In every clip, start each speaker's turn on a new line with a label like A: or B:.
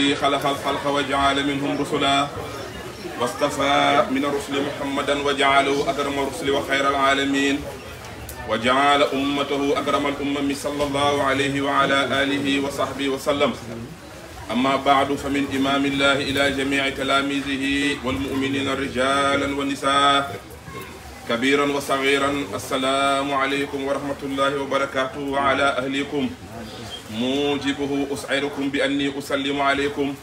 A: الذي خلق الخلق وجعل منهم رسلا واصطفى من الرسل محمدا وجعله اكرم الرسل وخير العالمين وجعل امته اكرم الامم صلى الله عليه وعلى اله وصحبه وسلم اما بعد فمن امام الله الى جميع تلاميذه والمؤمنين رجالا ونساء كبيرا وصغيرا السلام عليكم ورحمه الله وبركاته وعلى اهلكم موجبه أسعركم بأني أسلم عليكم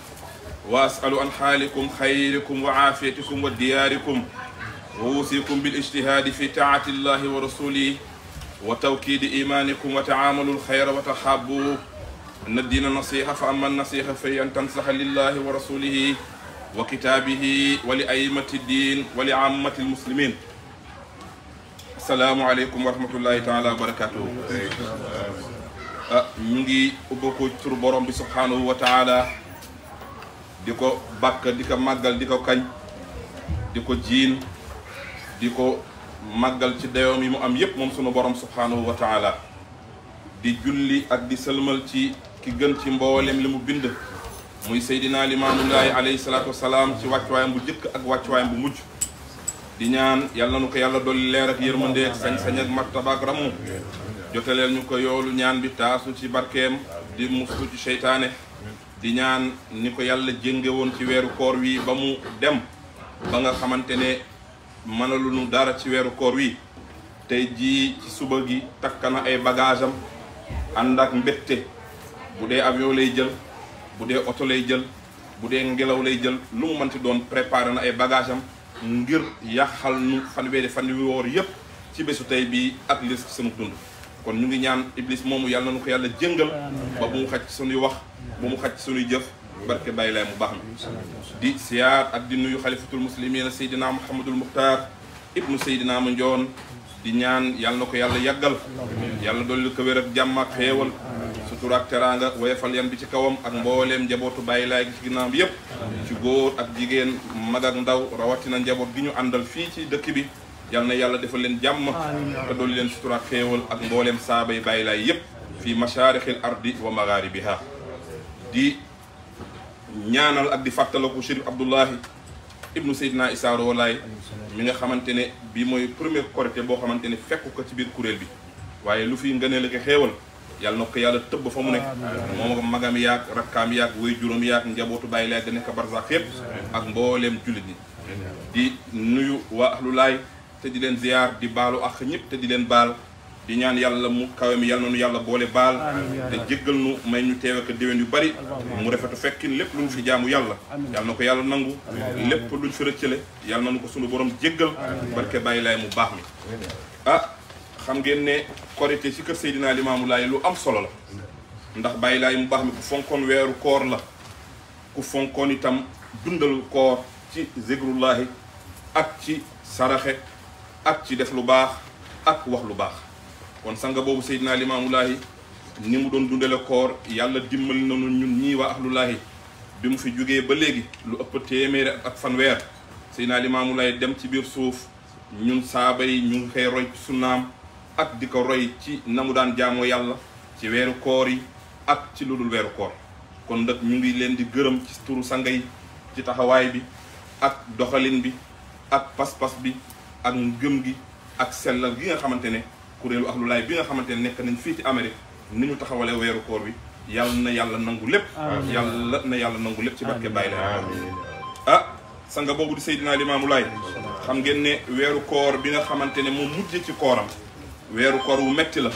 A: وأسأل عن حالكم خيركم وعافيتكم ودياركم ووصيكم بالاجتهاد في طاعة الله ورسوله وتوكيد إيمانكم وتعاملوا الخير وتحابوا أن الدين النصيحة فأما النصيحة في أن تنصح لله ورسوله وكتابه ولأئمة الدين ولعامة المسلمين السلام عليكم ورحمة الله تعالى وبركاته Ah, ñu ngi ubba ko tur borom bi subhanahu wa taala Diko bakka diko magal diko màggal diko ko kañ di jiin di ko ci dayoom yi mu am yépp mom sunu borom subhanahu wa taala di julli ak di selmal ci ki gën ci mbolem limu mu bind muy seydina limaamullahi alayhi salatu wassalam ci wayam bu jëkk ak wayam bu mujj di ñaan yalla nu ko yalla dolli leer ak yermande ak sañ-sañ ak martaba ak ramu jotaleel ñu ko yoolu ñaan bi taasu ci barkeem di muslu ci seytaane di ñaan ni ko yàlla jënge woon ci weeru koor wii ba mu dem ba nga xamante ne mënaluñu dara ci weeru koor wi tey jii ci suba gi takk na ay bagage am ànd ak mbégte bu dee avion lay jël bu dee oto lay jël bu dee ngelaw lay jël lu mu mënti doon préparé na ay bagage ngir yàqal nu fanweeri fan yu woor yépp ci bésu tey bii ak lis sunu dund kon ñu ngi ñaan iblis moomu yàlla na nu ko yàlla jëngal ba bu mu xaj suñuy wax bu mu xaj suñuy jëf barke bàyyi lay mu baax na di siyaar ak di nuyu xalifatul muslimina seydina muhammadul muxtaar ibnu seydina ma njoon di ñaan yàlla na ko yàlla yàggal yàlla dolli ko wér ak jàmm ak sutura teraanga woyefal yan bi ci kawam ak mbooleem njabootu bàyyi laay gi ci ginnaaw bi yëpp ci góor ak jigéen mag ndaw rawatina njaboot gi ñu àndal fii ci dëkk bi yalna na yàlla defal leen jàmm te dool leen sutura xéewal ak mbooleem saabay bàyyi laay yépp fi masharixil ardi wa magharibiha di ñaanal ak di fàttaliku Chérif Abdoulahi ibnu Seydina Issa Rouhou mi nga xamante bi mooy premier Korité boo xamante ne fekk ko ci biir kuréel bi waaye lu fi ngëneel ak xéewal yàlla na yàlla tëbb fa mu nekk moom magam yaag rakkaam yaag way juróom yaag njabootu bàyyi laay da nekk barzak yépp ak mbooleem jullit ñi di nuyu waa ahlu laay te di leen ziyaar di baalu ak ñëpp te di leen baal di ñaan yàlla mu kawe mi yàlla na nu yàlla boole baal te jéggal nu may ñu teew ak déwén yu bari mu rafetu fekkin lépp lu ñu fi jaamu yàlla yàlla na ko yàlla nangu lépp lu ñu fi rëccale yàlla na nu ko sunu boroom jéggal barke bàyyi laay mu baax mi ah xam ngeen ne korité ci kër Seydina Limaamu Laay lu am solo la ndax bàyyi laay mu baax mi ku fonkoon weeru koor la ku fonkoon itam dundal koor ci zikrullahi ak ci saraxe ak ci def lu baax ak wax lu baax kon sanga boobu Seydina Limaamulaahi ni mu doon dundale koor yàlla dimbal nañu ñun ñii waa ahlulaahi bi mu fi jógee ba léegi lu ëpp téeméeri ak fanweer Seydina Limaamulaahi dem ci biir suuf ñun saaba yi ñu ngi koy roy ci sunnaam ak di ko roy ci na mu daan jaamoo yàlla ci weeru koor yi ak ci lu dul weeru koor kon nag ñu ngi leen di gërëm ci turu sanga yi ci taxawaay bi ak doxalin bi ak pas-pas bi ak ngëm gi ak sellal gi nga xamante ne kuréelu ak lu laay bi nga xamante ne nekk nañ fii ci Amérique ni ñu taxawalee weeru koor bi yàlla na yàlla nangu lépp yàlla na yàlla nangu lépp ci barke bàyyi la ah sanga boobu di Seydina Limaamu Laay xam ngeen ne weeru koor bi nga xamante ne moom mujj ci kooram weeru koor wu metti la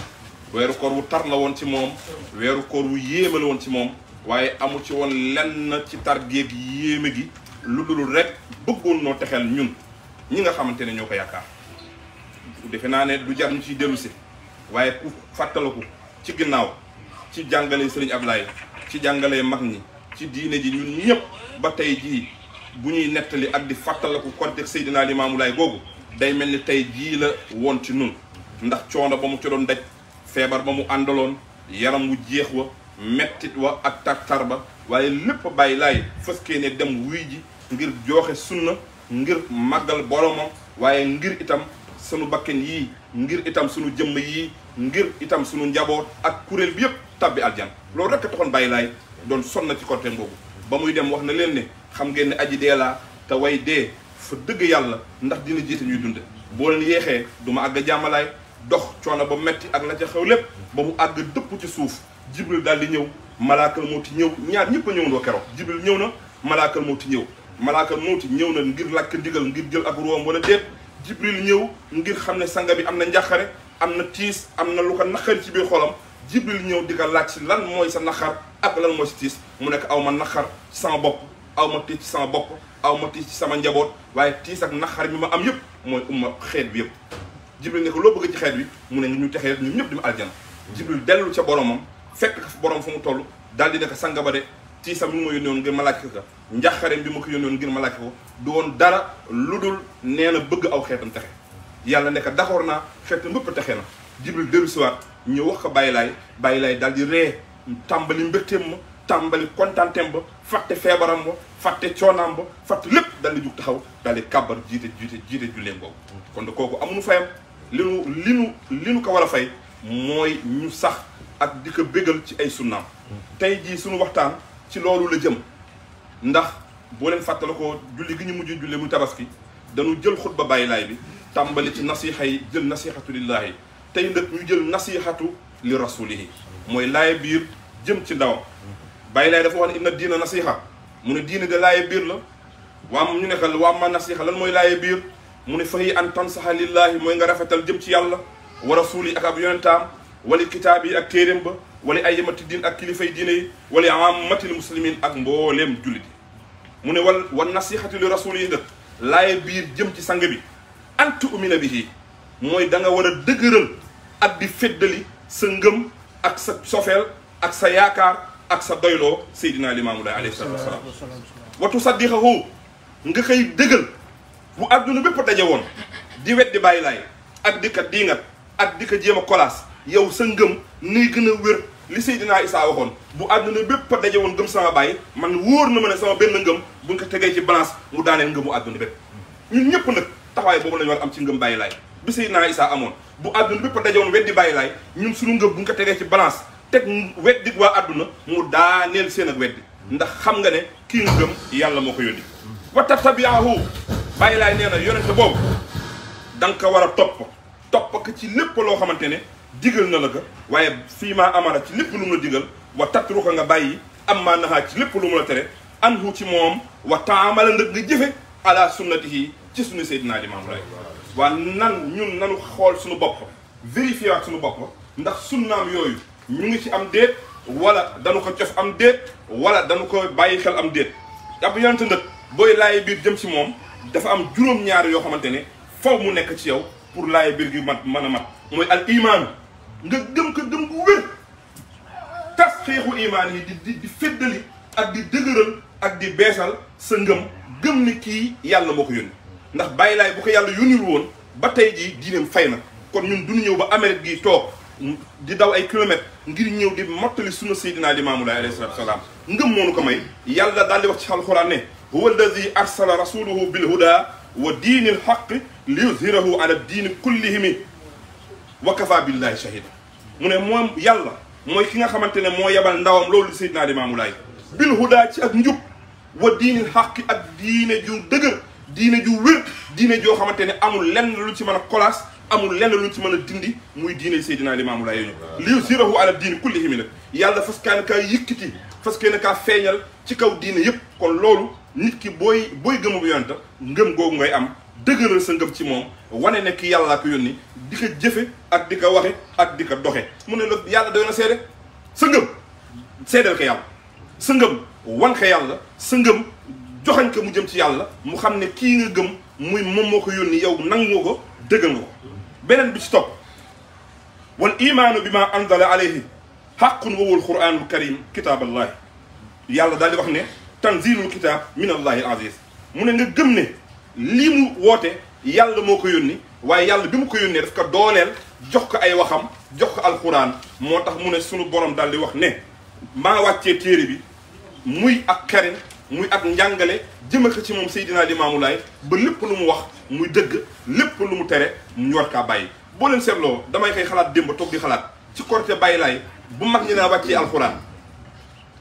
A: weeru koor wu tar la woon ci moom weeru koor wu yéeme la woon ci moom waaye amu ci woon lenn ci tar géeg yéeme gi lu dul rek bëggoon noo texel ñun ñi nga xamante ne ñoo ko yaakaar defe naa ne du jar ñu ciy dellu si waaye ku fàttaliku ci ginnaaw ci jàngale sëriñ Ablaye ci jàngale mag ñi ci diine ji ñun ñëpp ba tey jii bu ñuy nettali ak di fàttaliku konte Seydina Limaamu Laay googu day mel ni tey jii la woon ci nun ndax coono ba mu ci doon feebar ba mu àndaloon yaram wu jeex wa mettit wa ak tartar ba waaye lépp bàyyi laay fëskee ne dem wuy ji ngir jooxe sunna ngir màggal boromam waaye ngir itam sunu bakken yii ngir itam sunu jëmm yii ngir itam sunu njaboot ak kuréel bi yëpp tabbi aljan loolu rek a taxoon bàyyi laay doon sonn ci côté boobu ba muy dem wax na leen ne xam ngeen ne aji dee laa te way dee fa dëgg yàlla ndax dina jiite ñuy dund boo leen yéexee du ma àgg jàmmalaay dox coono ba metti ak la ca xew lépp ba mu àgg dëpp ci suuf jibril daal di ñëw malaakal moo ci ñëw ñaar ñëpp a ñëwandoo keroog jibril ñëw na malaakal moo ti ñëw malaaka muuti ñëw na ngir lakk ndigal ngir jël ak ruwam wala déet jibril ñëw ngir xam ne sanga bi am na njaqare am na tiis am na lu ko naqari ci biir xolam jibril ñëw di laaj si lan mooy sa naqar ak lan mooy si tiis mu nekk aw ma naqar ci sama bopp aw ma tiis ci sama bopp aw ma tiis ci sama njaboot waaye tiis ak naqar bi ma am yëpp mooy umma xeet bi yëpp jibril ne ko loo bëgg ci xeet bi mu ne ñu texee ñu ñëpp di ma aljana jibril dellu ca boromam fekk borom fu mu toll daal di nekk sanga ba de tiisam bi ma yónnee woon ngir ma laaj ko ka njaxareem bi ma ko yónnee woon ngir ma laaj ko du dara lu dul nee na bëgg aw xeetam texe yàlla nekk d'accord naa xeetam bëpp texe na jibril dellu siwaat ñu wax ko bàyyi laay bàyyi laay daal di ree tàmbali mbégteem ma tàmbali kontaanteem ba fàtte feebaram ba fàtte coonaam ba fàtte lépp daal di jug taxaw daal di kàbbar jiite jiite jiite julleen boobu kon de kooku amuñu fayam li nu li nu li nu ko war a fay mooy ñu sax ak di ko ci ay sunnaam mm-hmm. tey ci lolu la jëm ndax bo len fatalako julli gi ñu mujj julli mu tabaski dañu jël khutba baye lay bi tàmbali ci nasiha yi jël nasihatu lillahi tay nak ñu jël nasihatu li rasulih moy lay biir jëm ci ndaw baye lay dafa wax inna diina nasiha mu ne diine de lay biir la wa waa ñu nekkal wa ma nasiha lan moy lay biir mu ne fahi an tansaha lillahi moy nga rafetal jëm ci yàlla wa rasuli ak ab yonentaam wali kitaab yi ak téeréem ba wali ayyamati diin ak kilifay diine yi wali ammatil muslimin ak mbooleem jullit yi mu ne wal wan nasihati li rasul yi nag laay biir jëm ci sang bi antu umina bihi mooy da nga war a dëgëral ak di feddali sa ngëm ak sa sofeel ak sa yaakaar ak sa doyloo seydina limaamu laay alayhi salaatu wasalaam watu saddiqahu nga koy dëggal bu adduna bépp daje woon di weddi bàyyi laay ak di ka diingat ak di ka jéem a kolaas yow sa ngëm nay gën a wér li Seydina Isaa waxoon bu àdduna bépp daje woon gëm sama bàyyi man wóor na ma ne sama benn ngëm buñ ko tegee ci balance mu daaneel ngëmu àdduna bépp ñun ñëpp nag taxawaay boobu lañu war am ci ngëm bàyyi laay bi Seydina Isaa amoon bu àdduna bépp daje woon weddi bàyyi laay ñun sunu ngëm buñ ko tegee ci balance teg weddi waa àdduna mu daaneel seen ak weddi ndax xam nga ne kii nga yàlla moo ko yónni wa tattabiaahu bàyyi laay nee na yonente boobu da nga war a topp topp ci lépp loo xamante ne digal na la ko waaye fii maa amara ci lépp lu mu la digal wa tatruka nga bàyyi am maa naxaa ci lépp lu mu la tere anhu ci moom wa taamala ndëg nga jëfe ala sunnatihi ci suñu Seydina Limaamu Laay waa nan ñun nanu xool suñu bopp vérifié suñu bopp ndax sunnaam yooyu ñu ngi ci am déet wala dañu ko cof am déet wala dañu ko bàyyi xel am déet ab yonent ndëg booy laaye biir jëm si moom dafa am juróom-ñaar yoo xamante ne faw mu nekk ci yow pour laaye biir gi mat man a mat mooy al nga gëm ko gëm gu wér tas xeexu imaan yi di di di féddali ak di dëgëral ak di beesal sa ngëm gëm ni kii yàlla moo ko yónni ndax bàyyi laay bu ko yàlla yónnil woon ba tey jii diineem fay na kon ñun duñu ñëw ba Amérique gii toog di daw ay kilomètres ngir ñëw di mottali sunu seydinaa limaamu laay alayhi salaatu salaam ngëm moonu ko may yàlla daal di wax ci alxuraan ne huwa alladi arsala rasuluhu bilhuda wa diini alxaq li yuzhirahu ala diini kullihimi wakafa billahi shahida mu ne moom yàlla mooy ki nga xamante ne moo yebal ndawam loolu Seydina Limaamu Laay bil hudaa ci ak njub wa diinil xaqi ak diine ju dëgër diine ju wér diine joo xamante ne amul lenn lu ci mën a kolaas amul lenn lu ci mën a dindi muy diine Seydina Limaamu Laay ñu liu sirahu ala diini kullihi mi nag yàlla fas kaane kaa yëkkati fas kaane kaa feeñal ci kaw diine yépp kon loolu nit ki booy booy gëmu bu yonent ngëm googu ngay am deugural sa ngëm ci mom wane nek ki yàlla ko yoni di ko jëfe ak di ko waxe ak di ko doxe mu ne yàlla doy na seede sa ngëm sédal ko yàlla sa ngëm wan ko yàlla sa ngëm joxañ ko mu jëm ci yàlla mu xamné ki nga gëm muy mom moko yoni yónni yow nangu ko deugal nga benen beneen bi ci top wal iman bima anzala alayhi xaqun wawul quraanul karim kitaaballahi yàlla daal di wax ne tanzilul kitaab min allahi al aziz mu ne nga gëm ne lii mu woote yàlla moo ko yónni waaye yàlla bi mu ko yónnee daf ko dooleel jox ko ay waxam jox ko alxuraan moo tax mu ne sunu borom daal di wax ne maa wàccee téere bi muy ak karin muy ak njàngale jëma ko ci moom Seydina Limaamu Laay ba lépp lu mu wax muy dëgg lépp lu mu tere ñu war kaa bàyyi boo leen seetloo damay koy xalaat démb toog di xalaat ci korite bàyyi laay bu mag ñi naa wàccee alxuraan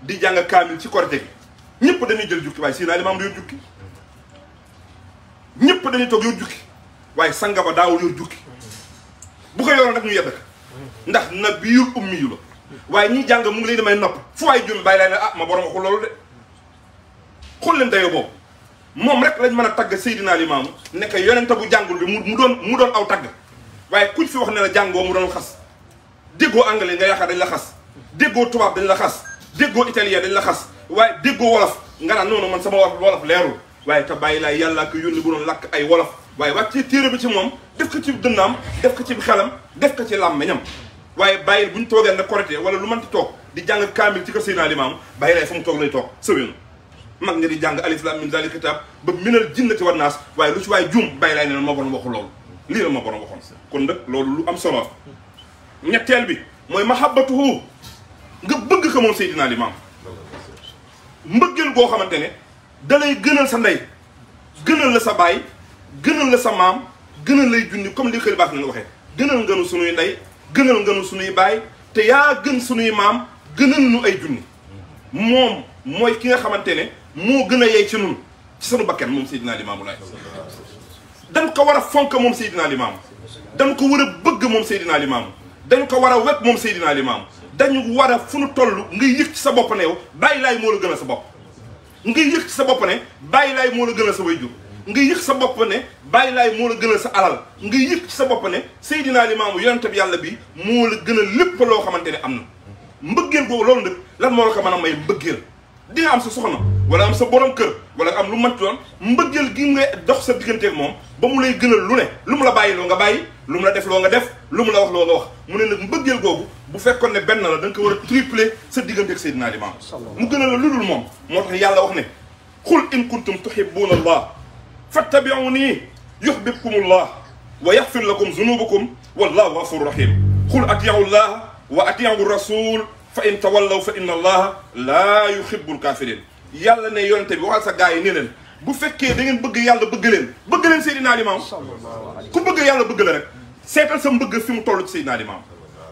A: di jàng kaamil ci korite gi ñëpp dañuy jël jukki waaye Seydina Limaam du jukki ñépp dañuy toog yor jukki waaye sanga ba daawul yor jukki bu ko yoroon rek ñu yedd ndax na biir ummi yu la waaye ñi jàng mu ngi lay demay nopp fu waay jum bàyyi lay ne ah ma borom waxul loolu de xool leen dayo boobu moom rek lañ mën a tagg Seydina Limaamu nekk yonente bu jàngul bi mu doon mu doon aw tagg waaye kuñ fi wax ne jàngoo mu doon xas déggoo anglais nga yaakaar dañ la xas déggoo tubaab dañ la xas déggoo italien dañ la xas waaye déggoo wolof nga naan noonu man sama wolof leerul waaye te bàyyi laay yàlla ko yónni bu doon lakk ay wolof waaye wàccee téere bi ci moom def ko ci dënnaam def ko ci xelam def ka ci làmmeñam waaye bàyyi bu ñu toogee nag korité wala lu mënti toog di jàng kaamil ci kër Seydina Limaamu bàyyi laay fa mu toog lay toog sëwénu mag nga di jàng alif lam mim zaalika kitaab ba minal jinnati wan naas waaye lu ci waaye juum bàyyi laay ne ma borom waxu loolu lii la ma borom waxoon kon nag loolu lu am solo ñetteel bi mooy mahabbatuhu nga bëgg ko moom Seydina Limaamu mbëggeel goo xamante ne da lay gënal sa ndey gënal la sa baay gënal la sa maam gënal lay junni comme li xëli baax nañu waxee gënal ngënu sunuy ndey gënal ngënu sunuy baay te yaa gën sunuy maam gënal nu ay junni moom mooy ki nga xamante ne moo gën a yey ci nun ci sunu bakkan moom Seydina Limaamu Laay dañ ko war a fonk moom Seydina Limaamu dañ ko war a bëgg moom Seydina Limaamu dañ ko war a moom Seydina Limaamu dañu war a fu nu toll nga yëg ci sa bopp ne yow bàyyi laay moo la gën a sa bopp nga yëg sa bopp ne bàyyi laay moo la gënal sa waajur ngay yëg sa bopp ne bàyyi laay moo la gënal sa alal ngay yëg sa bopp ne Seydina Limaamu yonente bi yàlla bi moo la gënal lépp loo xamante ne am na mbëggeel boobu loolu nag lan moo la ko mën a may mbëggeel di am sa soxna wala am sa borom kër wala am lu mat doon mbëggeel gi nga dox sa digganteeg moom ba mu lay gënal lu ne lu mu la bàyyi bàyyiloo nga bàyyi lu la def lo nga def lu la wax lo nga wax mu ne nag mbëggeel googu bu fekkone ben la dang ko wara tripler sa digeunte ak sayyidina ali mam mu gën la lulul mom motax yàlla wax ne qul in kuntum tuhibbuna allah fattabi'uni yuhibbukum allah wa yaghfir lakum dhunubakum wallahu ghafur rahim qul atii'u allah wa atii'u rasul fa in tawallaw fa inna allah la yuhibbu al kafirin yàlla ne yonte bi waxal sa gaay yi ne leen bu fekke da ngeen bëgg yàlla bëgg leen bëgg sayyidina ali mam ku bëgg yàlla bëgg la rek setal sa mbeug fi mu tollu ci Seydina Limaamu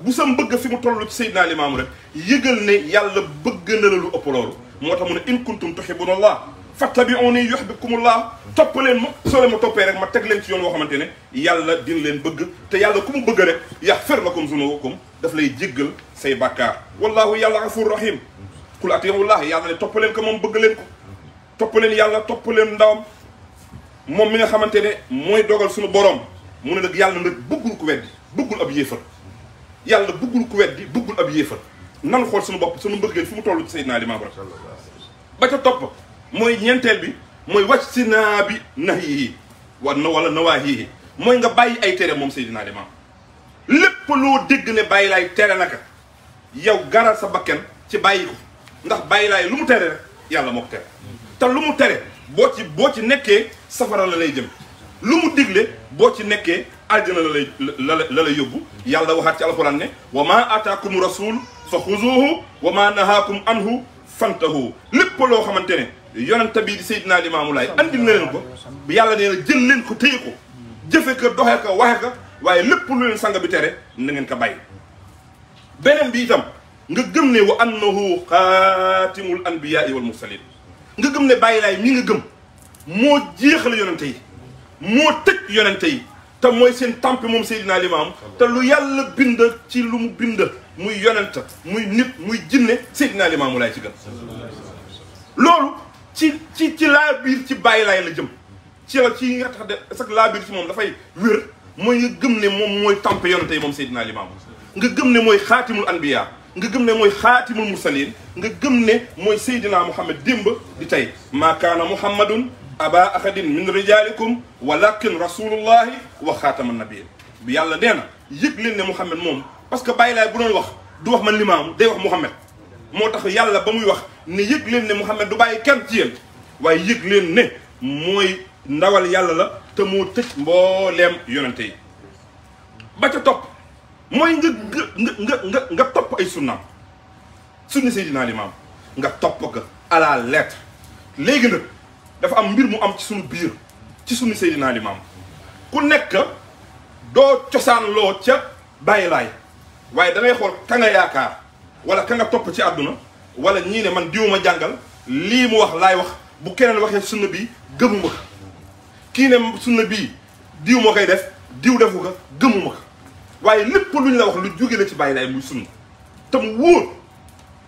A: bu sa mbeug fi mu tollu ci Seydina Limaamu rek yëgal ne yàlla beug na la lu ëpp loolu moo mu ne in kuntum tuhibbuna Allah fattabi'uni yuhbibkumullah top len ma solo ma topé rek ma teg len ci yoon wo xamantene yàlla din len beug te yàlla kumu beug bëgg rek yaxfir lakum zunukum daf lay jéggal say bàkkaar wallahu yàlla afur rahim kul allah yàlla ne top len ko mom beug len ko top len yàlla top len ndawam mom mi nga xamantene moy dogal suñu borom mu ne nag yàlla nag bëggul ku bi bëggul ab yéefar yàlla bëggul ku bi bëggul ab yéefar nan xool suñu bopp suñu mbëggeel fu mu tollu ci Seydina Limaamu Laay ba ca topp mooy ñeenteel bi mooy wàcc si naa bi nax yii wa na wala nawaa yii mooy nga bàyyi ay tere moom seydinaa Limaamu lépp loo dégg ne bàyyi laay tere naka yow garal sa bakken ci bàyyi ko ndax bàyyi laay lu mu tere rek yàlla moo ko tere te lu mu tere boo ci boo ci nekkee safara la lay jëm lu mu digle boo ci nekkee aljana la lay la la lay yóbbu yàlla waxaat ci alxuraan ne wa ma ataakum rasul fa xuzuuhu wa ma nahaakum anhu fantahu lépp loo xamante ne yonente bii di Seydina Limaamu Laay andil na leen ko yàlla nee na jël leen ko téye ko jëfe ko doxee ko waxe ko waaye lépp lu leen sang bi tere na ngeen ko bàyyi beneen bi itam nga gëm ne wa annahu xaatimul anbiyaai wal mursalin nga gëm ne bàyyi mi nga gëm moo jeexal yonente yi moo tëj yonente yi te mooy seen tampi moom Seydina Limaam te lu yàlla bind ci lu mu bind muy yonent muy nit muy jinne Seydina Limaamu laay ci gën loolu ci ci ci laa biir ci bàyyi laay la jëm ci la ci nga de sax laa biir ci moom dafay wér mooy nga gëm ne moom mooy tampe yonente yi moom Seydina Limaam nga gëm ne mooy xaatimul anbiya nga gëm ne mooy xaatimul mursalin nga gëm ne mooy Seydina Muhammad démb di tey maakaana muhammadun aba ahadin min rijalikum walakin rasulullahi wa xaatama nabiyin bi yàlla nee na yëg leen ne Mouhamed moom parce que Baye Laye bu doon wax du wax man limaam day wax Mouhamed moo tax yàlla ba muy wax ne yëg leen ne Mouhamed du bàyyi kenn ci yéen waaye yëg leen ne mooy ndawal yàlla la te moo tëj mbooleem yonente yi ba ca topp mooy nga nga nga nga nga topp ay sunnaam sunni Seydina Limaam nga topp ko à la lettre léegi nag dafa am mbir mu am ci suñu biir ci suñu Seydina Limaam ku nekk doo cosaan loo ca bàyyi laay waaye da xool ka nga yaakaar wala ka nga topp ci àdduna wala ñii ne man diw ma jàngal lii mu wax laay wax bu keneen waxee sunna bi gëmuma ko kii ne sunna bii diw moo koy def diw defu ko gëmuma ko waaye lépp lu ñu la wax lu jóge la ci bàyyi laay muy sunna tam wóor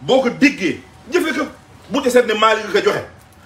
A: boo ko déggee jëfe ko bu te seet ne maali nga ko joxe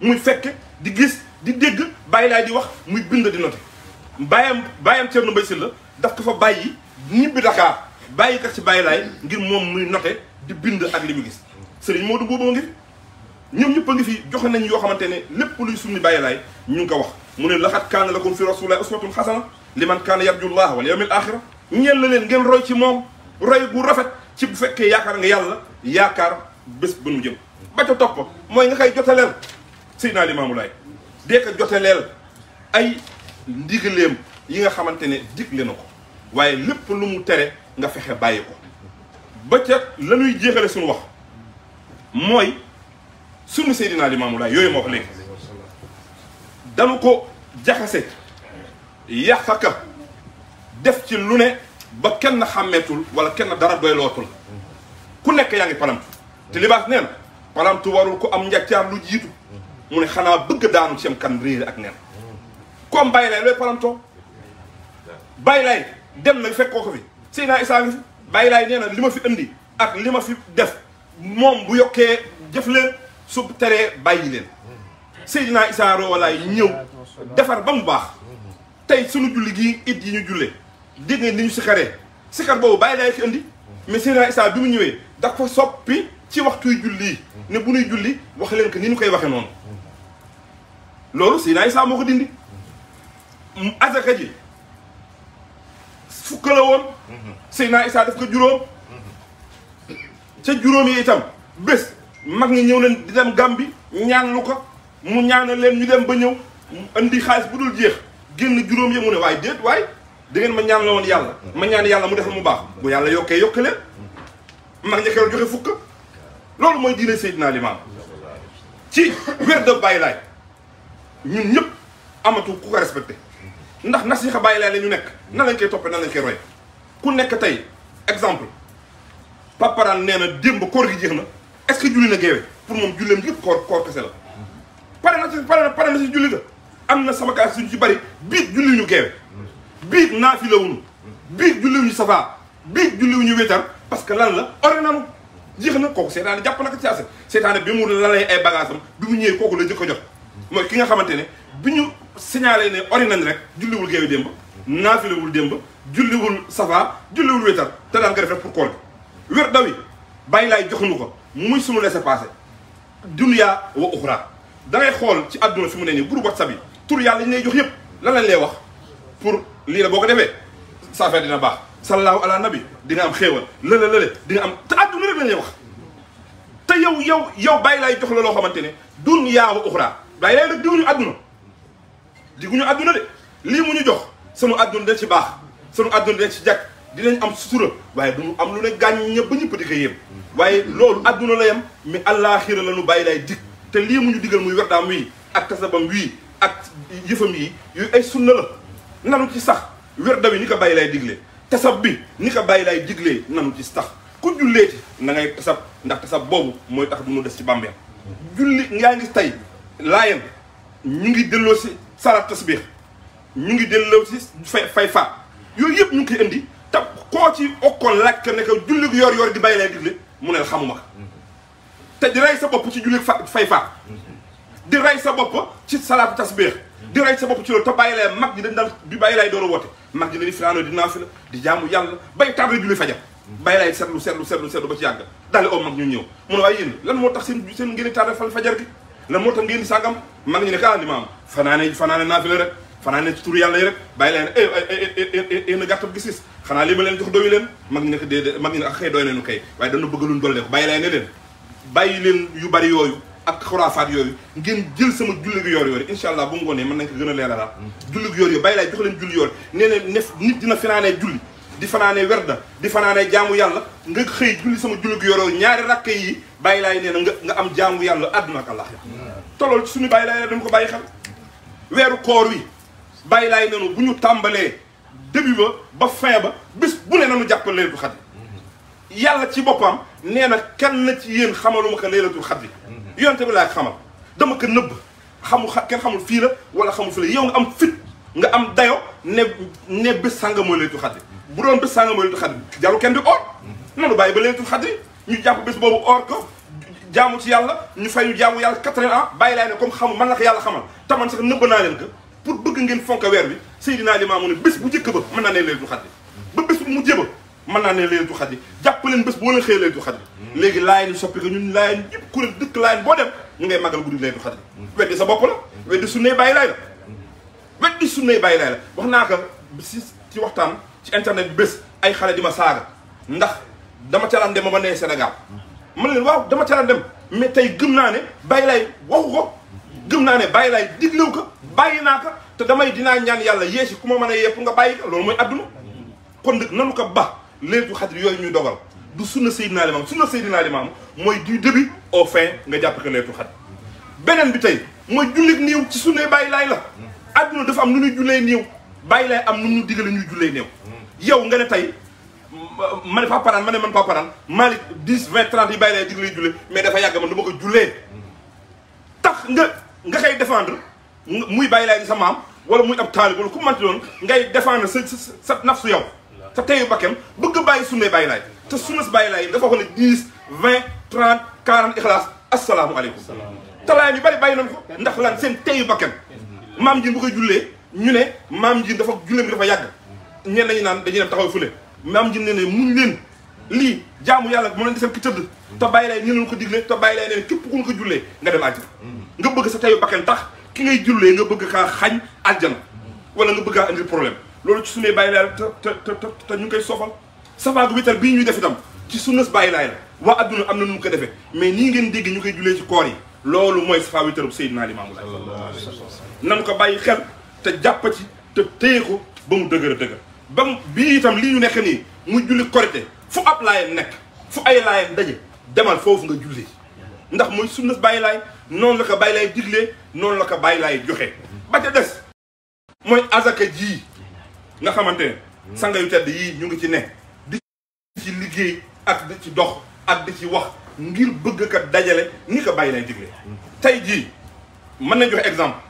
A: muy fekk di gis di dégg bàyyi laay di wax muy bind di noté bàyyam bàyyam Thierno si la daf ko fa bàyyi ñibbi Dakar bàyyi kat ci bàyyi laay ngir moom muy noté di bind ak li mu gis sëriñ Modou boobu ngi ñoom ñëpp a ngi fi joxe nañ yoo xamante ne lépp luy sunni bàyyi laay ñu ngi ko wax mu ne laxat kaana lakum fi rasulillahi uswatun xasana liman kaana yarjullaha wal yawmil axira ñeel la leen ngeen roy ci moom roy bu rafet ci bu fekkee yaakaar nga yàlla yaakaar bés bu nu jëm ba ca topp mooy nga koy jotaleel Seydina Limaamu Laay dee ko joteleel ay ndigaleem yi nga xamante ne digle na ko waaye lépp lu mu tere nga fexe bàyyi ko ba ca la ñuy jéexale suñu wax mooy sunu Seydina Limaamu Laay yooyu ma wax léegi dañu ko jaxase yàq ka def ci lu ne ba kenn xàmmeetul wala kenn dara doylootul ku nekk yaa ngi palamtu te libaas nee na palamtu warul ko am njàccaar lu jiitu mune xana bëgg daanu ci am kan réer ak nen kom bay Lay looy paranto bay Lay dem na fekk ko fi sayna isa fi bay Lay neena lima fi indi ak lima fi def mom bu yoké def leen su teree bàyyi leen sayna isa ro Laye ñëw defar ba mu bax tay sunu julli gi it yi ñu julle dégg nga ni ñu xaré sikar boobu bay Lay fi indi mais sayna isa bi mu ñëwee dafa soppi ci waxtu julli ne bu ñuy julli wax leen ko ni ñu koy waxé noonu loolu Seydina Isa moo ko dindi mm, azaka ji fukk la woon mhm. Seydina Isa def ko juróom mhm. ca juróom yi itam bés mag ñi ñëw leen di dem Gàmbi ñaan lu ko mu ñaana leen ñu dem ba ñëw indi xaalis bu dul jeex génn juróom yi mu ne waaye déet waaye da ngeen ma ñaan la woon yàlla mhm. ma ñaan yàlla mu def mu baax bu yàlla yokkee yokk leen mag ñi keroog joxe fukk loolu mooy diine Seydina Limaam ci wér de bàyyi laay ñun ñëpp amatu ku ko respecté ndax a bàyyi laa la ñu nekk nan lañ koy toppee nan lañ koy roy ku nekk tey exemple paparaan nee na démb koor gi jeex na est ce que julli na géewe pour moom julleem yëpp koor koor la pare na si na pare na si am na sama kaas suñu ci bari biig julliwuñu géewe biig naafilawuñu biig julliwuñu safaa biig julliwuñu wéetar parce que la ore nanu jeex na kooku seetaane jàpp na ko ci ase bi mu lalay ay bagage am bi mu kooku la jëkk ko jot mooy ki nga xamante ne bi ñu signalé ne ori nañ rek julliwul géewi démb naafilewul démb julliwul safa julliwul wétar te daan nga pour kool wér dawi bàyyi laay joxuñu ko muy suñu laisser passer dunya wa uxra da ngay xool ci àdduna fi ne nii groupe whatsapp yi tur yàlla ñu lay jox yëpp lan lañ lay wax pour lii la boo ko sa affaire dina baax sallallahu ala nabi di nga am xéewal lële lële di nga am te àdduna rek lañ lay wax te yow yow yow bàyyi laay jox la loo xamante dunya wa uxra gaa yi lay def diguñu àdduna diguñu àdduna de lii jox sunu àdduna dañ baax sunu àdduna dañ ci dinañ am sutura waaye duñu am lu ne gàññ ñëpp ba ñëpp di ko yem waaye loolu la yem mais àllaaxira la ñu bàyyi lay dig te lii mu digal muy werdaam wii ak tasabam wii ak yëfam yi ay sunna la ci sax werda wi ni ko bàyyi lay diglee tasab bi ni ko bàyyi lay diglee nanu ci sax ku julleeti na ngay tasab ndax tasab boobu mooy tax du ñu des ci bàmbeel julli yaa ngi tey laayeen ñu ngi delloo si salaat tasbix ñu ngi delloo si fay fay faat yooyu yëpp ñu ngi koy indi te koo ci okkoon laaj que ne que jullit yor yor di bàyyi lay digle mu ne xamuma ko te di rey sa bopp ci jullit fa fay faat di rey sa bopp ci salaat tasbix di rey sa bopp ci loolu te bàyyi lay mag ñi dañ daan di bàyyi lay a woote mag ñi dañuy fanaanoo di naafila di jaamu yàlla bay table julli fajar bàyyi laay seetlu seetlu seetlu seetlu ba ci yàgg daal di oo ñëw mu ne waaye yéen lan moo tax seen seen ngeen di tardé fajar gi la moo tax ngeen di sàngam mag ñu ne ka ah, limaam fanaane fanaane naafila rek fanaane ci tur yàlla yi rek bàyyi leen een gàttab gis leen jox doyu leen mag ñu ne ko déedéet mag ñu ne ak ah, xëy doy nañu kay waaye leen bàyyi leen yu bari yooyu ak xuraafaat yooyu ngeen jël sama julli gi yoor yoor yi allah bu mu ngoonee mën nañ ko gën a leeralaat mm. julli gi yoor yooyu bàyyi laay jox leen julli yoor nee ne nit dina fanaanee julli di fanaane werda di fanaane jaamu yàlla nga xëy julli sama julug yoroo ñaari rakk yi bàyyi laay nee nga nga am jaamu yàlla àdduna ak àllaaxira tolool ci suñu bàyyi laay dañ ko bàyyi xel weeru koor wi bàyyi laay nenu bu ñu tàmbalee début ba ba fin ba bis bu ne nanu jàpp laylatul xadri yàlla ci boppam nee na kenn na ci yéen xamaluma ko laylatul xadri yonte bi laa xamal dama ko nëbb xamu kenn xamul fii la wala xamul fii la yow nga am fit nga am dayo ne ne bés sànga mooy bu doon bés sàngam laylatul xadri jaru kenn di or nanu bàyyi ba laylatul xadri ñu jàpp bés boobu or ko jaamu ci yàlla ñu fay ñu jaamu yàlla quatre-vingts ans bàyyi laay ne comme xamu man na ko yàlla xamal taman sax nëbb naa leen ko pour bëgg ngeen fonk weer bi Seydina Limaamu ne bés bu njëkk ba mën naa ne laylatul xadri ba bés bu mu jéba mën naa ne laylatul xadri jàpp leen bés boo leen xëyee laylatul léegi laayeen soppi ko ñun laayeen yëpp kuréel dëkk laayeen boo dem ñu ngay màggal guddi laylatul sa bopp la weddi sunnay bàyyi laay la weddi sunnay bàyyi laay la wax naa ko si ci waxtaan ci internet bi bés ay xale di ma saaga ndax dama ca daan dem ma ne Sénégal man len waw dama ca daan dem mais tay gëm naa ne bàyyi laay waxu ko gëm naa ne bàyyi diglew ko bayina ko te damay dina ñaan yàlla yeesi kuma ma mën yepp nga bàyyi ko loolu moy aduna kon nak nanu ko ba leetu xadri yoy ñu dogal du sunna sayyidina limam sunna sayyidina limam moy du début au fin nga jàpp ko leetu xadri benen bi tay moy jullit niw ci sunna baylay la aduna dafa am nu ñuy jullee niiw bàyyi lay am nu mu ñu digalee ñuy jullee néew. yow nga ne tey ma ne Pape Parane ma ne man Pape Parane Malick 10 20 30 yi bàyyi lay digalee jullee mais dafa yàgg man du ma ko jullee. tax nga nga koy défendre muy bàyyi lay sa maam wala muy ab taalib wala ku manti doon ngay défendre sa sa sa nafsu yow. sa teyu bakkan bëgg bàyyi sunnee bàyyi laay te sunna si bàyyi laay dafa wax ne 10 20 30 40 ixlaas asalaamualeykum. asalaamualeykum talaay ñu bari bàyyi nañ ko ndax lan seen teyu bakkan maam ji bu koy jullee. ñu ne maam Ndiir dafa julleem bi dafa yàgg ñenn nañu naan dañuy dem taxaw fële maam Ndiir ne ne mu leen lii jaamu yàlla moo leen tëdd te bàyyi lay ñu leen ko digle te bàyyi lay neen képp ku ko jullee nga dem àjjana nga bëgg sa teyu bakken tax ki ngay jullee nga bëgg kaa xañ àjjana wala nga bëgg kaa problème loolu ci sunnee bàyyi laay la te te te ñu ngi koy soofal bii ñuy def itam ci sunnas bàyyi laay la waa adduna am na nu mu ko defee mais nii ngeen dégg ñu koy jullee ci koor yi loolu mooy safaa witarub Seydina Limaamu Laay nan ko bàyyi xel te jàpp ci te téye ko ba mu dëgër dëgër ba mu bii itam li ñu nekk nii mu julli korite fu ab laayam nekk fu ay laayam daje demal foofu nga julli ndax mooy sunna bàyyi laay noonu la ko bàyyi noonu la ko bàyyi joxe ba ca des mooy azaka ji nga xamante ne sanga yu tedd yii ñu ngi ci ne di ci liggéey ak di ci dox ak di ci wax ngir bëgg ka dajale ni ko bàyyi laay diglee tey jii mën na joxe exemple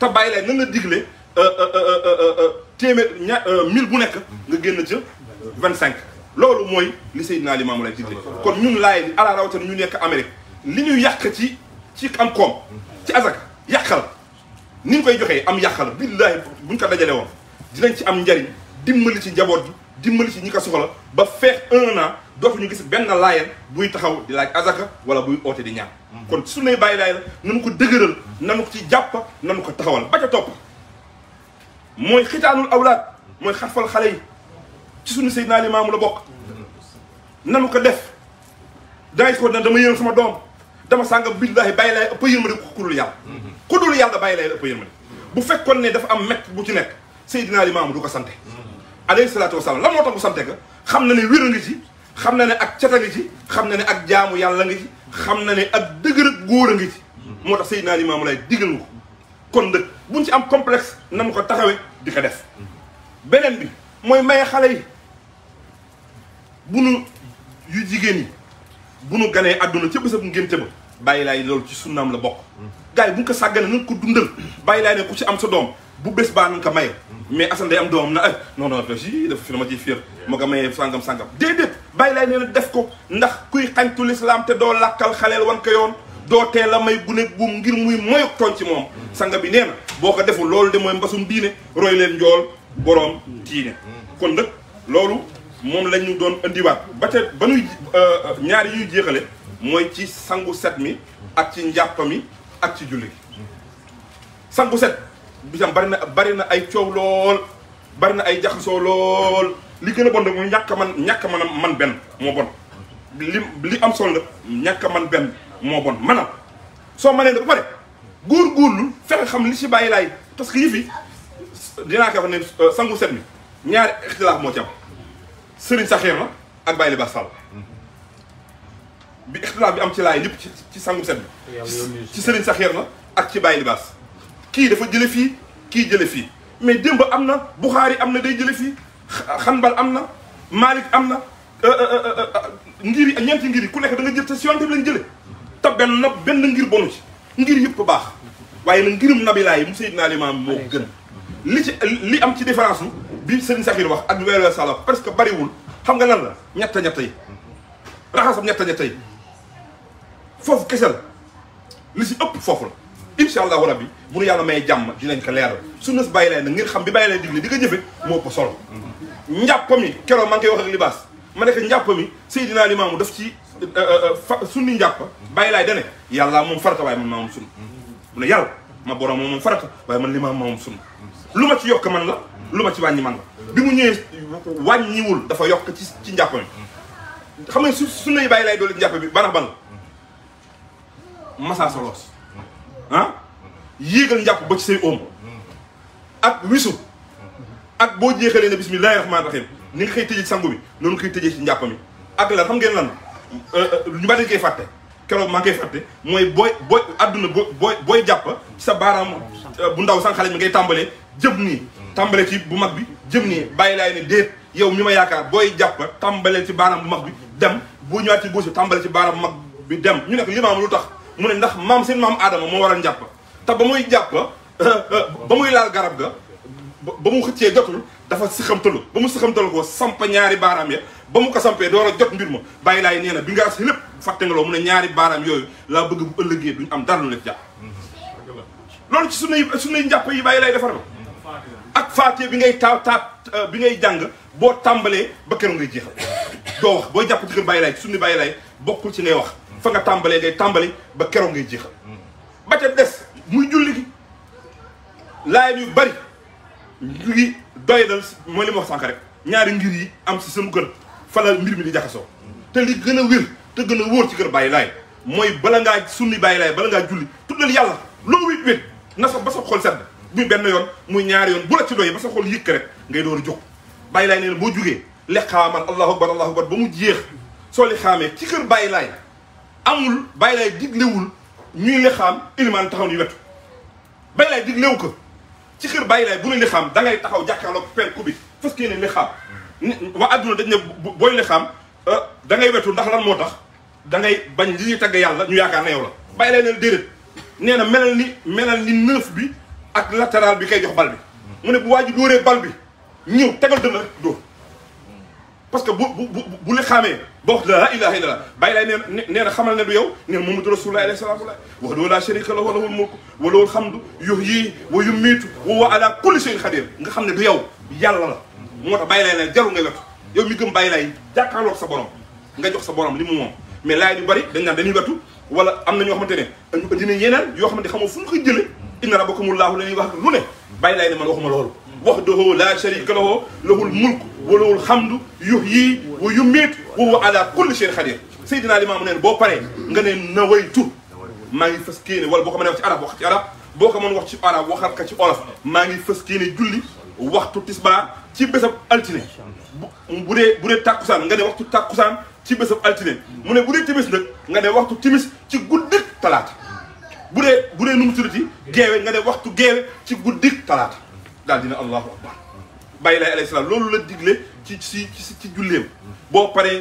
A: te bàyyi lay lan la digle euh, euh, euh, téeméer ña mille bu nekk nga génn ca vingt cinq loolu mooy li Seydina Limaamu Laay digle kon ñun laay bi ala rawatina ñu nekk Amérique li ñuy yàq ci ci am koom ci azaka yàqal ni ñu koy joxee am yàqal billaahi buñ ko dajale woon dinañ ci am njariñ dimbali ci njaboot bi dimbali si ñi ko soxla ba feex un an dootuñu gis benn laayeen buy taxaw di laaj azaka wala buy oote di ñaan mm-hmm. kon suñuy bàyyi laay la nanu ko dëgëral mm-hmm. nanu ko ci jàpp nanu ko taxawal ba ca topp mooy xitaanul awlaad mooy xarfal xale yi ci suñu Seydina Limaamu la bokk na mm-hmm. nanu ko def dangay ko na dama yërëm sama doom dama sànga billaahi bàyyi laay ëpp yërmande ku kudul yàlla ku dul yàlla bu fekkoon ne dafa am mett bu ci nekk Seydina Limaamu du ko sante alayhi salaatu wasalaam la moo tax mu sante xam na ne wér nga ci xam na ne ak cata nga ci xam na ne ak jaamu yàlla ngi ci xam na ne ak dëgër góor a ngi ci moo tax Seydina Limaamu Laay digal nga ko kon dëkk buñ ci am complex na mu ko taxawee di ko def beneen bi mooy maye xale yi bu nu yu jigéen yi bu nu ganee àdduna ca bésab ngénte ba bàyyi laay loolu ci sunnaam la bokk gars yi bu ñu ko sàggane na ko dundal bàyyi laay ne ku ci am sa doom bu bés baa na ko maye mais Assane day am eh. non, na non non si dafa fi dama ciy fiir ma ko sangam sangam déedéet bàyyi lay nee na def ko ndax kuy xañtu lislaam te doo làkkal xaleel wan ko yoon doo tee la may gune buum ngir muy moyok tooñ ci moom sanga bi nee na boo ko deful loolu de mooy mbasum diine roy leen njool boroom diine kon nag loolu moom lañ ñu doon indiwaat ba ca ba nuy euh, ñaar yuy jéexale mooy ci sangu set ak ci ak ci bisam bari na bari na ay coow lool bari na ay jaxasoo lool li gën a bon nag mooy ñàkk man ñàkk man man benn moo bon li li am solo la ñàkk man benn moo bon maanaam soo mënee ba pare góor lu fexe xam li si bàyyi laay parce que yëf yi dinaa ko wax ne euh, sangu set mi ñaari ixtilaaf moo ci am sëriñ saxeer la ak bàyyi li baax sàll am ci laay yëpp ci sangu set mi ci sëriñ saxeer la ak ci bàyyi li kii dafa jële fii kii jële fii mais démb am na Buxaari day jële fii xanbal am Malik am ngiri ngir yi ñeenti ngir yi ku nekk da nga jël te si yonte bi lañ jële te benn benn ngir bonu ci ngir yëpp baax waaye nag ngirum nabilaay mu Seydina Limaam moo gën li ci li am ci différence bi Serigne Sakhir wax ak weeru sala presque bariwul xam nga lan la ñett ñett yi raxasam ñett ñett yi foofu kese la li si ëpp foofu incha allahu rabbi bu nu yàlla may jàmm dinañ ko leer su nas bàyyi leen na ngir xam bi bàyyi leen digle di ko jëfe moo ko solo njàpp mi keroo maa ngi koy wax ak libaas ma nekk njàpp mi Seydina Limaamu daf ci euh, euh, euh, sunni njàpp bàyyi laay dane yàlla moom farata waaye man maa moom ne yàlla ma borom moom moom farata waaye man limaam moom sunna lu ma ci yokk man la lu ma ci wàññi man la bi mu ñëwee wàññiwul dafa yokk ci ci njàpp mi xam nga su sunna yi bàyyi laay doole njàpp bi banax ban ah yéegal njàpp ba ci say oom ak wisu ak boo jeexalee ne bismillahi rahmaani rahim ni nga koy tëjee ci sangu bi noonu nga koy tëjee ci njàpp mi ak lan xam ngeen lan euh, euh, ñu bari koy fàtte keroog maa ngi koy fàtte mooy booy booy àdduna booy booy booy jàpp sa baaraam euh, bu ndaw sànq xale mi ngay tàmbalee jëm nii tàmbale ci bu mag bi jëm nii bàyyi laay ne déet yow mi ma yaakaar booy jàpp tàmbalee ci baaraam bu mag bi dem boo ñëwaat ci góosu tàmbale ci baaraam bu mag bi dem ñu nekk limaam lu tax mu ne ndax maam seen maam aadama war a njàpp te ba muy jàpp euh, euh, ba muy laal garab ga ba mu xëccee jotul dafa sixamtalu ba mu sixamtalu ko samp ñaari baaraam ya ba mu ko sampee door a jot mbir ma bàyyi laay nee na bi nga as lépp fàtte loo mu ne ñaari baaraam yooyu laa bu ëllëgee duñ am dara lu leen jàpp loolu ci sunuy yi bàyyi laay defar ak faatiya bi ngay taaw taat euh, bi ngay jàng boo tàmbalee ba keroog ngay jeexal doo wax booy jàpp ci bàyyi laay ci sunu bàyyi laay bokkul ci ngay wax fa nga tàmbalee ngay tàmbali ba keroog ngay jeexal ba ca des muy julli gi laayam yu bari ñu ngi doy mooy li ma wax sànq rek ñaari ngir yi am si sama kër falal mbir mi di jaxasoo te li gën a wér te gën a wóor ci kër bàyyi laay mooy bala ngaa sunni bàyyi laay bala ngaa julli tuddal yàlla loo wit na sax ba sa xol sedd muy benn yoon muy ñaari yoon bu la ci doy ba sa xol yëkk rek ngay door a jóg bàyyi laay nee na boo jugee leqaaman allahu ba mu jeex soo li ci kër bàyyi laay amul bàyyi lay diglewul ñuy lexaam ilimaan taxaw ni wetu bàyyi lay diglewu ko ci xër bàyyi bu ñu lexaam da taxaw jàkkaarloog per ku bi fas yéene lexaam waa adduna dañ ne booy lexaam euh, da ngay wetu ndax lan moo tax dangay bañ li ñuy tagg yàlla ñu yaakaar na yow la bàyyi lay neen déedéet nee na melal ni melal ni neuf bi ak latéral bi kay jox bal bi mu ne bu waa ji dóoree bal bi ñëw tegal dëna dóor parce que bu bu bu bu li xamee ba wax laa ilaaha illallaah bàyyi laay nee nee na xamal ne du yow nee na Muhammadu rasuulullaahi alayhi salaatu wa salaam wahdahu laa shariika lahu lahul mulku wa lahul hamdu yuhyi wa yumiitu wa huwa alaa kulli shay'in qadiir nga xamne du yow yàlla la moo bay lay laay jaru nga wetu yow mi gëm bay lay jàkkaarloog sa borom nga jox sa borom limu mom mais lay du bari dañ naan dañuy wetu wala am na ñoo xamante ne ñu indi yeneen yoo xamante xamoo fu ñu koy jëlee inna rabbakumullahu llaahu la ñuy wax lu ne bàyyi laay ne man waxuma loolu وحده لا شريك له له الملك وله الحمد يحيي ويميت وهو على كل شيء قدير سيدنا الامام نين بو باري nga ne nawaytu ma ngi faskeene wala boko mëna wax ci arab wax ci arab boko mëna wax ci arab waxal ka ci olof ma ngi faskeene julli waxtu tisba ci bésab altine bu dee bu dee takkusaan nga ne waxtu takkusaan ci bésab altine mu ne bu dee timis nag nga ne waxtu timis ci guddik talaata bu dee bu dee nu mu tuddati geewe nga ne waxtu geewe ci guddik talaata daal dina allah akbar bay lay alayhi salam lolou la digle ci ci ci ci julleem bo paré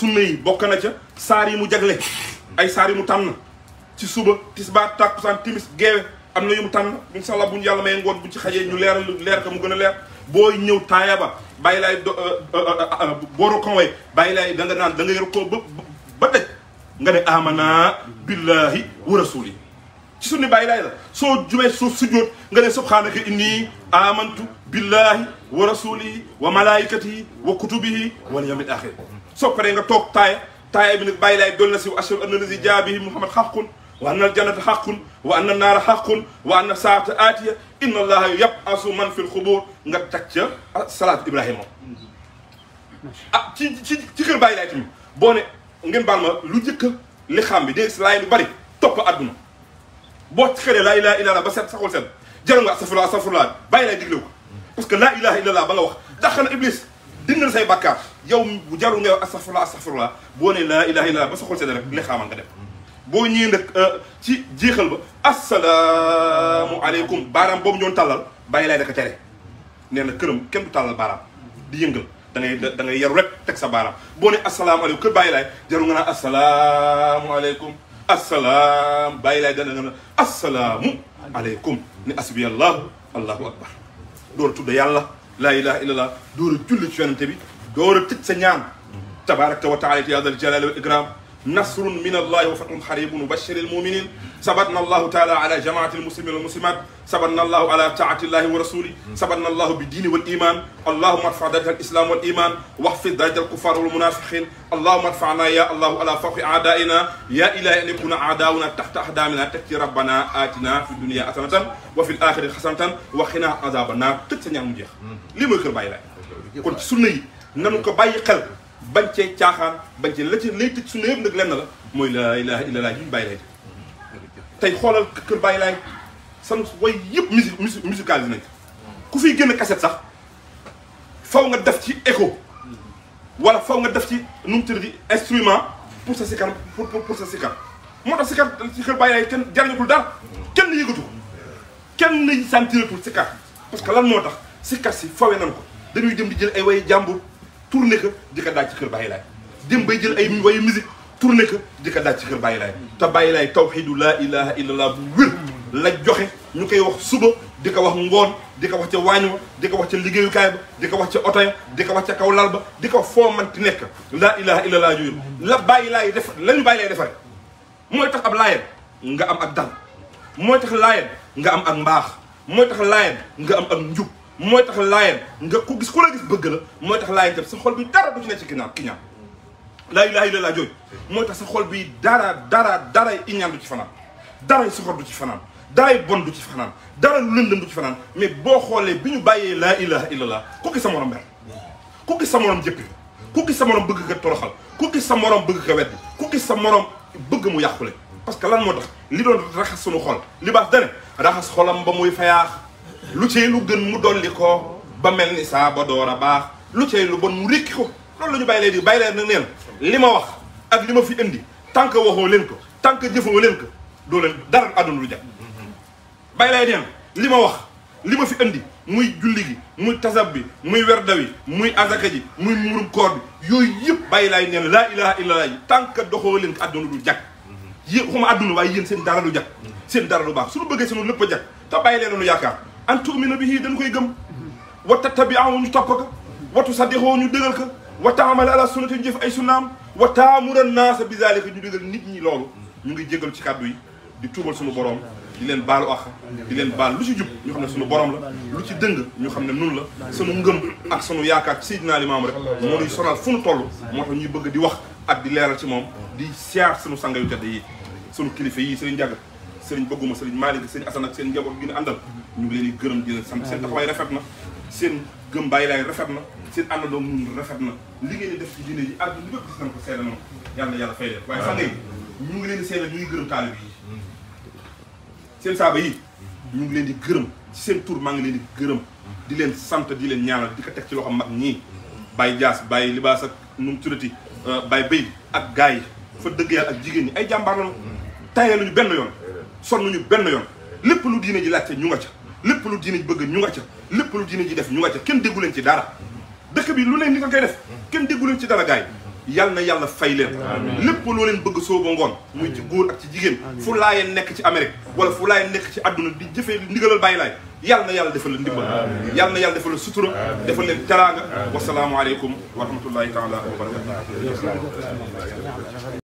A: sunna yi bokk na ca sar yi mu jagle ay sar yi mu tan ci suba tisba takusan timis gewé amna yu mu tan incha allah bu yàlla may ngot bu ci xajé ñu leeral lér ka mu gëna lér boy ñëw tayaba bay lay boro kon way bay lay da nga nan da nga yor ko ba ba daj nga ne amana billahi wa rasuli ci sunni bay lay la so jumee so sujud nga ne subhanaka inni amantu billahi wa rasulihi wa malaikatihi wa kutubihi wal yawmil akhir so pare nga tok tay tay bi nag bay lay dool na si ashhadu anna lazi jaa bihi muhammad haqqun wa anna al jannata haqqun wa anna an naara haqqun wa anna saata atiya inna allaha yabasu man fil lxubur nga teg ca salaat ibrahima ah ci ci keur bay lay tim tamit ne ngeen baal ma lu jëkk li xam bi dégg si lu bari top aduna boo xëree laa ilaha illallah ba set saxul set jaru nga astafurlah astafurlah bàyyi lay digle ko parce que laa ilaha illallah ba nga wax dàq na iblis dindal say bàkkaar yow jaru nga astafurlah astafurlah boo laa ilaha illallah ba saxul set rek li xaamal nga def boo ñëwee nag euh, ci jeexal ba assalaamu aleykum baaraam boobu ñoon tàllal bàyyi lay daka tere nee na këram kenn du tàllal baaraam di yëngal da ngay da ngay yaru rek teg sa baaraam boo ne assalaamu aleykum kër bàyyi laay jaru nga naa assalaamu aleykum السلام باي لاي دانا السلام عليكم ني الله الله اكبر دور تود يالا لا اله الا الله دور جولي تيونتي بي دور تيت سنيان تبارك وتعالى يا ذا الجلال والاكرام نصر من الله وفتح قريب وبشر المؤمنين ثبتنا الله تعالى على جماعة المسلمين والمسلمات ثبتنا الله على طاعة الله ورسوله ثبتنا الله بالدين والإيمان اللهم ارفع درجة الإسلام والإيمان واحفظ درجة الكفار والمنافقين اللهم ارفعنا يا الله على فوق أعدائنا يا إلهي أن يكون أعداؤنا تحت أقدامنا تكي ربنا آتنا في الدنيا حسنة وفي الآخرة حسنة وقنا عذاب النار تك مجيخ لي موي كير باي لا كون سنة نانو باي خل bañ cee caaxaan bañ cee la ci lay tëj suñu yëpp nag la mooy laa ilaaha illallaah juñ bàyyi lay tey way yëpp musique musicalisé nañ ku fiy génn cassette sax faw nga def ci écho wala faw nga def ci nu mu tëdd di instrument pour sa sikar pour pour sa sikar moo tax sikar ci kër bàyyi laay kenn jariñatul dara kenn yëgatu kenn sentiratul sikar parce que lan mo tax sikar si fawe nan ko dañuy dem di jël ay way jàmbur tourné ko di ko daaj ci kër Baye Laay dem jël ay wayu musique tourné ko di ko daaj ci kër Baye Laay te Baye Laay tawxiidu laa ilaha illallah bu wér la joxe ñu koy wax suba di ko wax ngoon di ko wax ca waañ wa di ko wax ca liggéeyukaay ba di ko wax ca oto ya di ko wax ca kaw lal ba di ko foo manti nekk laa ilaha illallah jooyu la Baye Laay def lañu Baye Laay defare mooy tax ab laayeen nga am ak dal mooy tax laayeen nga am ak mbaax mooy tax laayeen nga am ak njub mooy tax laayeen nga ku gis ku la gis bëgg la mooy tax laayeen tam sa xol bi dara du ci ne ci ginnaaw ki ñaan laa ilaaha illallaah jooju mooy tax sa xol bi dara dara dara iñaan du ci fanaan dara soxor du ci fanaan dara bon du ci fanaan dara lu lëndëm du ci fanaan mais boo xoolee bi ñu bàyyee laa ilaaha illallaah ku gis sa morom mer ku gis sa morom jëppi ku gis sa morom bëgg ka toroxal ku gis sa morom bëgg ka weddi ku gis sa moroom bëgg mu yàqule parce que lan moo tax li doon raxas sunu xol li raxas xolam ba muy fayaax lu cey lu gën mu dolli ko ba mel ni saa ba a baax lu cey lu bon mu rékki ko loolu la ñu bàyyi leen di bàyyi leen nag neen li ma wax ak li ma fi indi tant que waxoo leen ko tant que jëfoo leen ko doo leen dara àdduna lu jag bàyyi li ma wax li ma fi indi muy julli gi muy tasab bi muy werda wi muy azaka muy muurum koor bi yooyu yëpp bàyyi laay neen laa ilaha illallah yi tant que doxoo leen ko àdduna du jag yéen xuma àdduna waaye yéen seen dara du jag seen dara du baax suñu bëggee sunu lépp a jag te bàyyi leen lu yaakaar أن تؤمن به dañ koy وتتبعه wa وتصدقه ñu وتعمل على سنة جف أي سنام وتعمل الناس بذلك ala نبني لولو نبني جيغل sunnaam di tuubal suñu borom di len balu ax di len bal lu ci jup ñu xamne sunu borom la lu ci deung ñu xamne nun la sunu ngeum ak sunu yaakaar Seydina Limaam rek mo lay sonal fu nu tollu mo tax ñuy bëgg di wax ak di leral ci mom di siar sunu sanga yu tedd yi sunu kilife yi serigne Jàgg serigne bëgguma serigne malik serigne assane ak serigne jabo gi ñu àndal ñu ngi gërëm di sant seen taxawaay rafet na seen gëm bàyyi laay rafet na seen àndandoo mun rafet na li ngeen di def ci diine ji àdduna li bépp gis nañ ko seede noonu ngi leen di seede ñu ngi gërëm taalib yi seen saaba yi ñu ngi leen di gërëm ci seen tur maa ngi leen di gërëm di leen sant di leen ñaanal di ko teg ci loxo mag ñii bàyyi jaas bàyyi libaas ak nu mu tuddati bàyyi euh, béy ak gaa yi fa dëgg yàlla ak jigéen ñi ay jàmbaar lañu ñu benn yoon sonnuñu benn yoon lépp lu diine ji laajte ñu nga ca lépp lu diine bëgg ñu nga ca lépp lu diine ji def ñu nga ca kenn déggu leen ci dara dëkk bi lu leen ni ko koy def kenn déggu leen ci dara gaay yal na yàlla fay leen lépp loo leen bëgg soo ba ngoon muy ci góor ak ci jigéen fu laayeen nekk ci Amérique wala fu laayeen nekk ci àdduna di jëfee ndigalal bàyyi laay yal na yàlla defal la ndimbal yal na yàlla defal la sutura defal leen teraanga wasalaamualeykum wa rahmatullahi taala wa barakatu